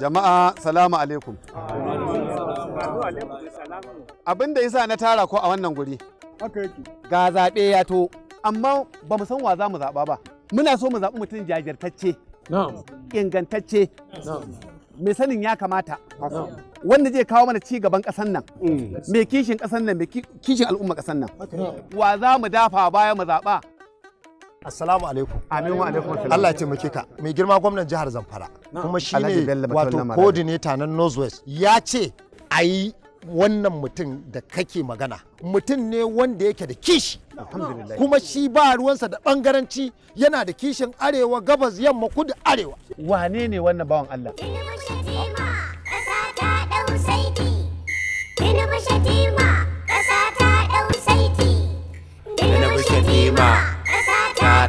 Jama'a salamu alaikum. Abin da yasa na tara ko a wannan guri. Ga zaɓe ya to, amma ba mu san wa za mu zaɓa ba. Muna so mu zaɓi mutum jajirtacce, ingantacce, mai sanin ya kamata. Wanda zai kawo mana ci gaban ƙasar mm. nan, mai kishin ƙasar nan, al'umma ƙasar nan. Wa za mu dafa baya mu zaɓa. Assalamu alaikum. Amin wa alaikum Allah ya taimake ka. Mai girma gwamnan jihar Zamfara kuma shine wato coordinator na Northwest ya ce a yi wannan mutum da kake magana mutum ne wanda yake da kishi kuma shi ba ruwansa da bangaranci yana da kishin arewa gabas yamma kudu arewa wane ne wannan bawan Allah Tinubu Shatima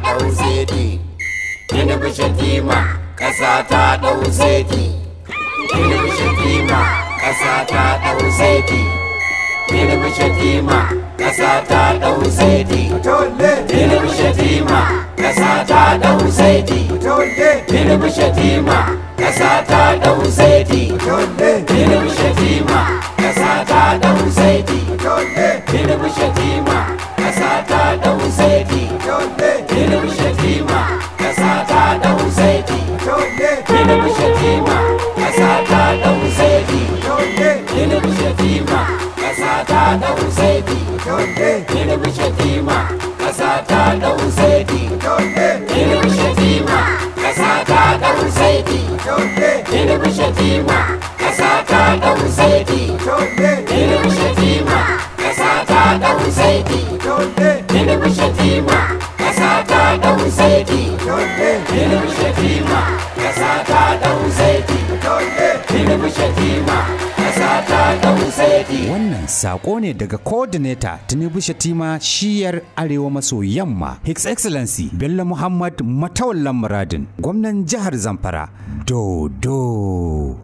ta ɗau Tini tinubu shatima ƙasa ta ɗau Tini tinubu shatima ƙasa ta ɗau Tini tinubu shatima ƙasa ta ɗau Tini tinubu shatima ƙasa ta ɗau Tini tinubu shatima ƙasa ta ɗau zeti ينب شتيمة أساتا دو زيدي ينب شتيمة أساتا دو زيدي ينب شتيمة أساتا دو زيدي ينب شتيمة أساتا دو زيدي ينب شتيمة أساتا دو زيدي ينب شتيمة tinubu shatima ta wannan saƙo ne daga coordinator tinubu shatima shiyar arewa maso yamma his excellency bello muhammad matawallan muradin gwamnan jihar zamfara dodo